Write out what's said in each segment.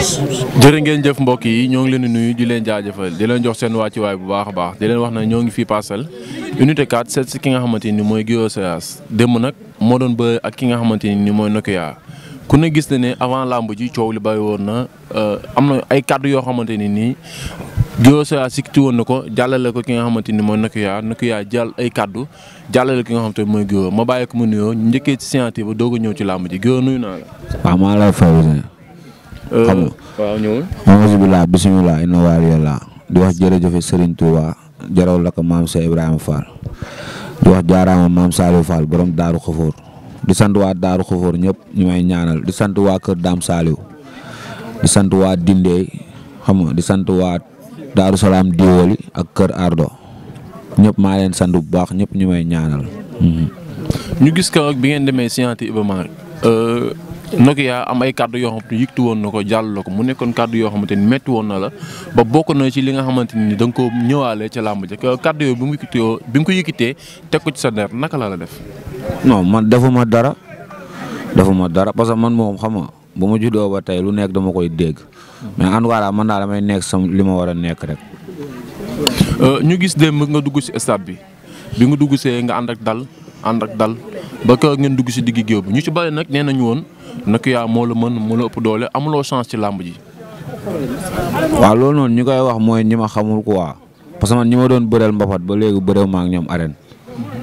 jërë ngeen jëf mbokk yi ñoo ngi leen di nuyu di leen jaajëfal di leen jox seen wàccuwaay bu baax a baax di leen wax na ñoo ngi fi parcelle unité 4 seet si ki nga xamante ni mooy Guiro Séras démb nag moo doon bëre ak ki nga xamante ni mooy Nokia ku ne gis na ne avant làmb ji coow li bàyyi woon na euh, am na ay kàddu yoo xamante ni nii Guiro Séras woon na ko jàllale ko ki nga xamante ni mooy Nokia Nokia jàll ay kàddu jàllale ki nga xamante ni mooy Guiro ma bàyyi ko mu nuyoo njëkkee ci scientifique ba doog a ñëw ci làmb ji Guiro nuyu naa la. waaw maa lay Euh, xam nga waaw ñëwul. alhamdulilah bisimilah inna waal yàlla di wax jërëjëf Serigne Touba jaraw la maam Cheikh Ibrahima Fall di wax jaaraama maam Saliou Fall borom Daaru Xafoor di sant waat Daaru Xafoor ñëpp ñu may ñaanal di sant waa Kër Daam Saliou di sant di sant waa Daaru Salaam Diwoli ak Kër Ardo ñëpp maa leen sant bu baax ñëpp ñu may ñaanal. Mhm. ñu gis ko ak bi ngeen demee Sianti Ibamar. Nokia am ay kàddu yoo xamante ni woon na ko jàll ko mu nekkoon kàddu yoo xamante ni métti woon na la ba bokk na ci li nga xamante ni da ko ñëwaale ca làmb ja kàddu yooyu bi mu yëkkitee bi mu ko yëkkitee teg ko ci sa der naka la la non man defuma dara defuma dara parce que man moom xam nga bu ma juddoo ba tey lu nekk dama koy dégg mais en tout cas man daal damay nekk sam li ma war a nekk rek. Euh, ñu gis démb nga dugg si stade bi bi nga dugg see nga ànd ak dal ànd ak dal ba ngeen dugg si digg géew bi ñu ci bari nag nee nañu woon. Nokia moo la mën moo la ëpp doole amuloo chance ci làmb ji. waaw loolu noonu ñu koy wax mooy ñi ma xamul quoi parce que man ñi ma doon bëreel mbapat ba léegi bëreew maak ñoom arène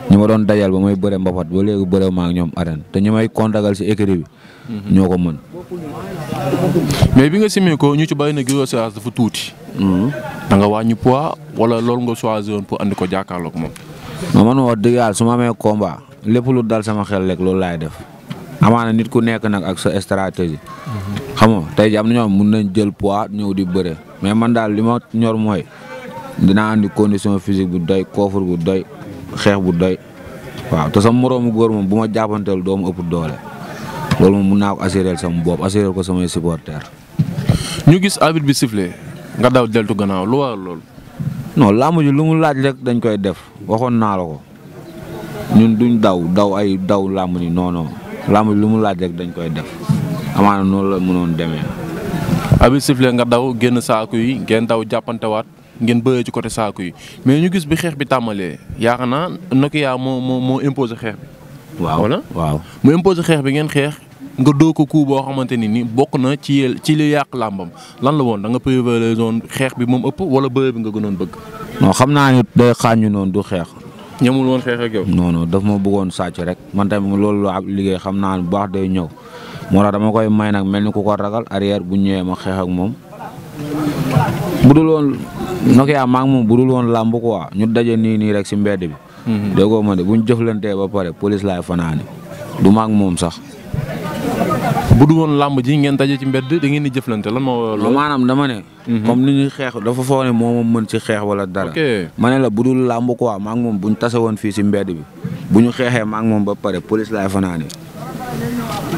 ñi ma doon dajal ba may bëre mbapat ba léegi bëreew ma ak ñoom arène te ñi may kontagal si écurie bi. Mhm. ñoo ko mën. mais bi nga simee ko ñu ci bay nag Guiro Séras dafa tuuti. Mhm. da nga wàññi poids wala loolu nga choisir pour indi ko jàkkaarlook moom. man man wax dëgg su ma amee combat lépp lu dal sama xel rek loolu laay def. amaana nit ku nekk nag ak sa stratégie. xam nga tey ji am na ñoom mun nañ jël poids ñëw di bëre mais man daal li ma ñor mooy dinaa andi condition physique bu doy koofur bu doy xeex bu doy waaw te sa moroomu góor moom bu ma jàppanteel doo ma ëpp doole loolu moom mun naa ko assuré sama bopp assuré ko samay supporter ñu gis arbitre bi sifflé nga daw deltu gannaaw lu war loolu. non làmb lu mu laaj rek dañ koy def waxoon naa ko ñun duñ daw daw ay daw làmb ni non làmb lu mu laaj rek dañ koy def amaana noonu la mënoon demee. abi sifle nga daw génn saaku yi ngeen daw jàppantewaat ngeen bëree ci côté saaku yi mais ñu gis bi xeex bi tàmbalee yaakaar naa yaa moo moo moo imposé xeex bi. waaw wala waaw mu imposé xeex bi ngeen xeex. nga doo ko coup boo xamante ni ni bokk na ci ci li yàq làmbam lan la woon da nga privilégié woon xeex bi moom ëpp wala bëre bi nga gënoon bëgg. non xam naa ne day xaañu noonu du xeex ñamul woon xeex ak yow. non non ma bëggoon sàcc rek man tamit loolu la liggéey xam naan bu baax day ñëw moo tax dama koy may nag mel ni ku ko ragal arrière bu ñëwee ma xeex ak moom. bu dul woon Nokia maa ngi moom bu dul woon làmb quoi ñu daje nii nii rek si mbedd bi. Mhm. déggoo ma ne bu ñu jëflantee ba pare police laay fanaani du maa moom sax. bu du woon làmb ji ngeen daje ci mbedd da ngeen di jëflante lan moo. loolu maanaam dama ne. Mhm. comme ni ñuy xeex dafa foog ne moo ma mën ci xeex wala dara. ma ne la bu dul làmb quoi maa ngi moom bu ñu tase woon fii si mbedd bi bu ñu xeexee maa moom ba pare police laay fanaane.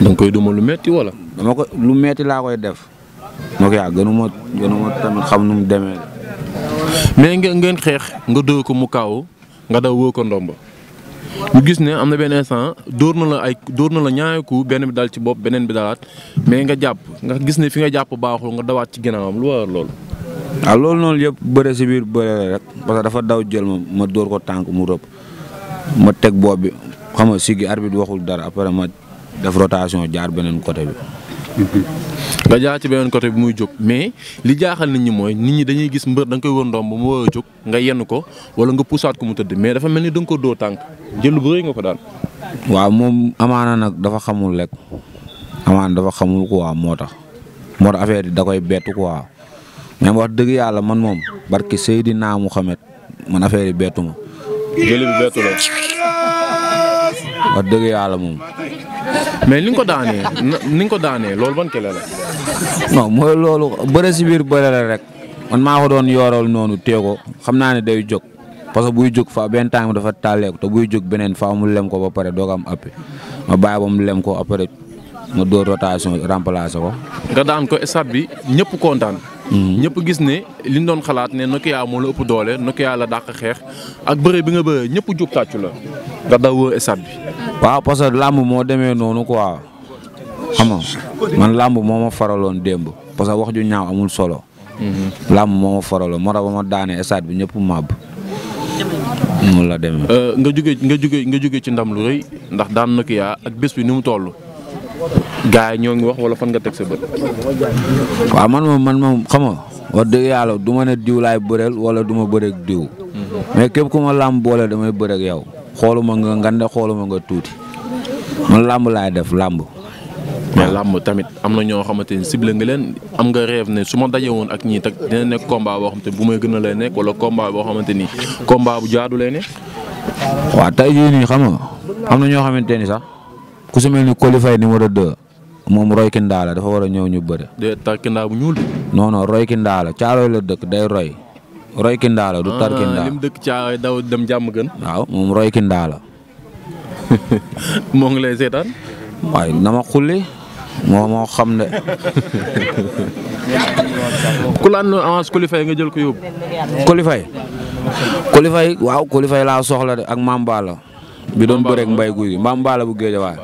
da nga koy duma wala. dama ko lu metti laa koy def. donc yaa gënuma gënuma tamit xam nu mu demee mais ngeen ngeen xeex nga dóor ko mu kaw nga daw woo ko ndomb ñu gis ne am na benn instant dóor na la ay dóor na la ñaari ku benn bi dal ci bopp beneen bi dalaat mais nga jàpp nga gis ne fi nga jàpp baaxul nga dawaat ci ginnaawam lu war loolu. waaw ah, loolu noonu yëpp bëre si biir bëre la rek parce que dafa daw jël ma ma dóor ko tànk mu rëb ma teg bopp bi xam nga siggi arbitre waxul dara après ma def rotation jaar beneen côté bi. nga jaar ci beneen côté bi muy jóg mais li jaaxal nit ñi mooy nit ñi dañuy gis mbër da koy wër ndoom ba mu war a jóg nga yenn ko wala nga pusaat ko mu tëdd mais dafa mel ni da ko doo tànk jël bu rëy nga ko daal. waaw moom amaana nag dafa xamul rek amaana dafa xamul quoi moo tax moo tax affaire yi da koy bettu quoi mais wax dëgg yàlla man moom barki Seydina Muhammad man affaire yi ma. jëli bi bettu la wax dëgg yàlla moom. mais ni nga ko daanee ni nga ko daanee loolu ban kële la. non mooy loolu bëre si biir bëre la rek man maa ko doon yooral noonu téye ko xam naa ne day jóg parce que buy jóg fa benn temps dafa tàlleeku te buy jóg beneen faa mu lem ko ba pare doog am appui ma bàyyi ba mu lem ko après ma door rotation remplacer ko. nga daan ko stade bi ñëpp kontaan. Mhm. ñëpp gis ne liñ doon xalaat ne Nokia moo la ëpp doole Nokia la dàq xeex ak bëre bi nga bëre ñëpp jub tàccu la nga bi. waaw parce làmb moo demee noonu quoi xam nga man làmb moo ma faraloon démb parce que wax ju ñaaw amul solo. Mhm. làmb moo ma faraloon moo ba ma daanee stade bi ñëpp màbb. noonu la demee. Euh, nga jóge nga jóge nga jóge ci ndam lu rëy ndax daan na kii ak bés bi ni mu toll. gaa yi ñoo ngi wax wala fan nga teg sa bët. waa man ma man moom xama nga wax dëgg yàlla du ma ne diw laay bëreel wala du ma bëreeg diw. Mhm. mais képp ku ma làmb boole damay bëreeg yow. xooluma nga ngande xooluma nga tuuti man làmb laay def làmb. mais làmb tamit am na ñoo xamante ni cible nga leen am nga rêve ne su ma daje woon ak ñii tak dina nekk combat boo xamante ni bu may gën a lay wala combat boo xamante ni combat bu jaadu lay ne. waaw tey jii nii xam am na ñoo xamante ni sax ku si mel ni qualifié numéro 2 moom roy kindaa la dafa war a ñëw ñu bëri. de ta kindaa bu ñuul. non non roy kindaa la caarooy la dëkk day roy. roy kindaa la du tar ah, lim dëkk caa daw dem jàmm gën. waaw moom roy moo ngi lay seetaan. waaye na ma xulli moo moo xam ne. ku laan avance qualifié nga jël ko yóbbu. qualifié. qualifié waaw qualifié laa soxla de ak Mambala. bi doon bëreeg mbay guy Mambala bu géej waay.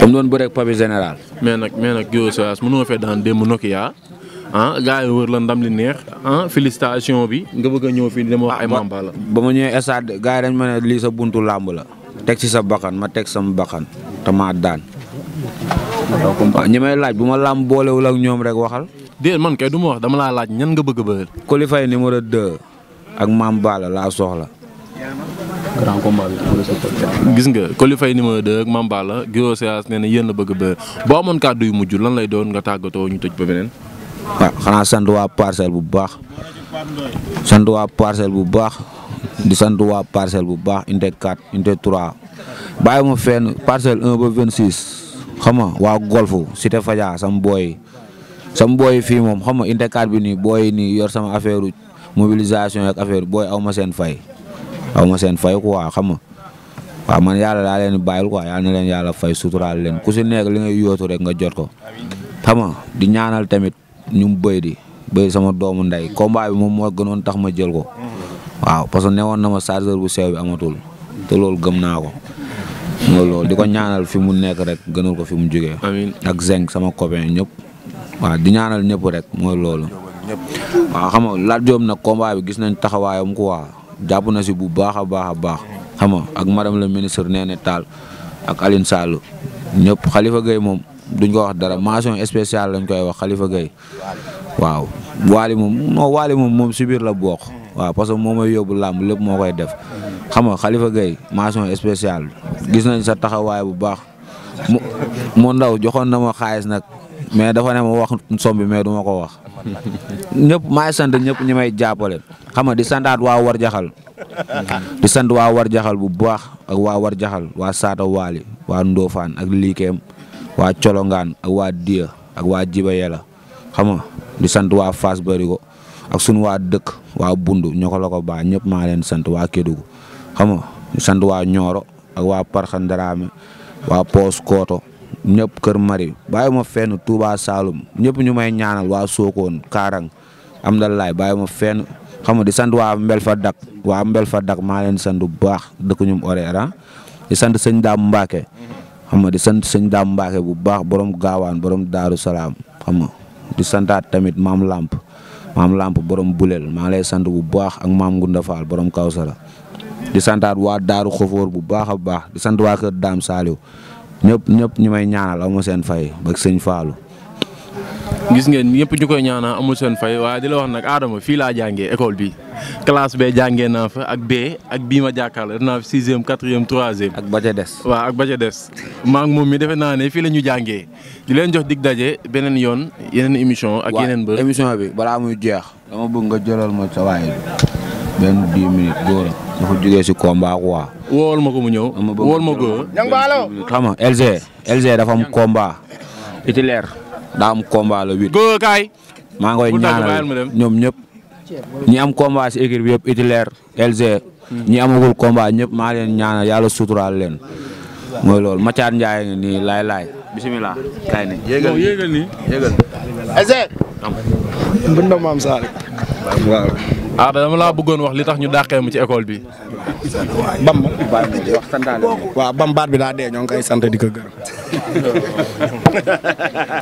comme doon bëreeg Papi Général. mais nag mais nag yow Seras daan démb Nokia. ah gars yi wër la ndam li neex ah bi nga bëgg a ñëw fii dama wax ah, ay mamba la. ba ma ñëwee stade gars yi dañ ma ne lii sa buntu làmb la. teg ci sa bakkan ma teg sama bakkan te daan. Ah, ñi may laaj bu ma làmb boolewul ak ñoom rek waxal. déedéet man du ma wax dama laa laaj ñan nga bëgg a bëri. Coly Faye numéro ak Mame Balla laa soxla. grand combat gis nga Coly Faye numéro 2 ak Mame Balla Guiro Séras nee na yéen a bëgg bëri boo amoon kàddu yu mujj lan lay doon nga tàggatoo ñu tëj ba beneen. waaw ah, xanaa sant waa parcelle bu baax sant waa parcelle bu baax di santu waa parcelle bu baax unité 4 unité 3 bàyyi ma fenn parcelle 1 ba 26 xam nga waa golfu cité Fadia sam booy sam booy fii moom xam nga unité 4 bi booy nii yor sama affaire mobilisation ak affaire booy aw ma seen fay aw ma seen fay quoi xam nga man yàlla daa leen bàyyil quoi na leen yàlla fay suturaal leen ku si nekk li ngay yóotu rek nga jot ko xam di ñaanal tamit. ñum bëy di bëy sama doomu ndey combat bi moom moo gënoon tax ma jël ko waaw parce que newoon na ma chargeur bu sew bi amatul te loolu gëm naa ko mooy loolu di ko ñaanal fi mu nekk rek gënool ko fi mu jógee. amiin ak Zeng sama copain ñëpp. waa di ñaanal ñëpp rek mooy loolu. waaw xam nga Lat na nag combat bi gis nañ taxawaayam waa jàpp na si bu baax a baax a baax xam nga ak madame le ministre Néné taal ak Alioune Sall ñëpp Khalifa Gueye moom. duñ ko wax dara mention spéciale lañ koy wax Khalifa Gueye waaw waali moom non waali moom moom si biir la bokk waaw parce que moo may yóbbu làmb lépp moo koy def xam nga Khalifa Gueye mention spéciale gis nañ sa taxawaay bu baax mu mu ndaw joxoon na ma xaalis nag mais dafa ne wax sombi mais du ma ko wax ñëpp maay sant ñëpp ñi may jàppale xam nga di santaat waa war jaxal di sant waa war jaxal bu baax ak waa war jaxal waa saata waali waa ndoofaan ak liikeem waa colongaan ak waa Diya ak waa Jiba Yela xam nga di sant waa Fass Barigo ak sunu waa dëkk waa Bundu ñoo ko baax ñëpp maa leen sant waa Kédougou xam di sant waa Nioro ak waa Parxandaraame waa Poos Kooto ñëpp Kër Mari bàyyi ma fenn Touba Saloum ñëpp ñu may ñaanal waa Sokone Kaarang am na laay bàyyi ma di sant waa Mbel fa dak waa Mbel fa dak maa leen sant bu baax dëkk ñum Oréra ah, di sant sëñ Daam Mbacke xam di sant sëñ daam Mbacke bu baax borom gaawaan borom daaru salaam xam nga di santaat tamit maam Lamp maam Lamp borom buleel maa lay sant bu baax ak maam Ngunda Fall borom Kawsara di santaat waa daaru Xofoor bu baax a baax di sant waa kër Daam Saaliw ñëpp ñëpp ñi may ñaanal aw ma seen fay ba sëñ Fallou gis ngeen ñëpp ñu koy ñaanal amul seen fay waaye di la wax nag Adama fii laa jàngee école bi classe B jàngee naa fa ak B ak bii ma jàkkaarloo def naa fi sixième quatrième troisième. ak ba ca des. waaw des maa moom mi defe naa ne fii la ñu jàngee di leen jox dig daje beneen yoon yeneen émission ak yeneen bër émission bi balaa muy jeex. ama bëgg nga jëlal ma sa waay benn dix minutes góor dafa jógee si combat quoi. wool ma ko mu ñëw. wool ma ko. xam nga LG. LG dafa am combat. daa am combat la huit. góor maa ngi koy ñaanal ñoom ñëpp. ñi am combat si équipe bi yëpp Itilaire LG. ñi amagul combat ñëpp maaleen leen ñaanal yàlla suturaal leen. mooy loolu Mathiat Ndiaye nga nii laay laay. bisimilah. kaay nañ ah, laa bëggoon wax li tax ñu dàqee mu ci école bi. bam baat bi wax bi daa dee ñoo ngi koy sant di ko gërëm.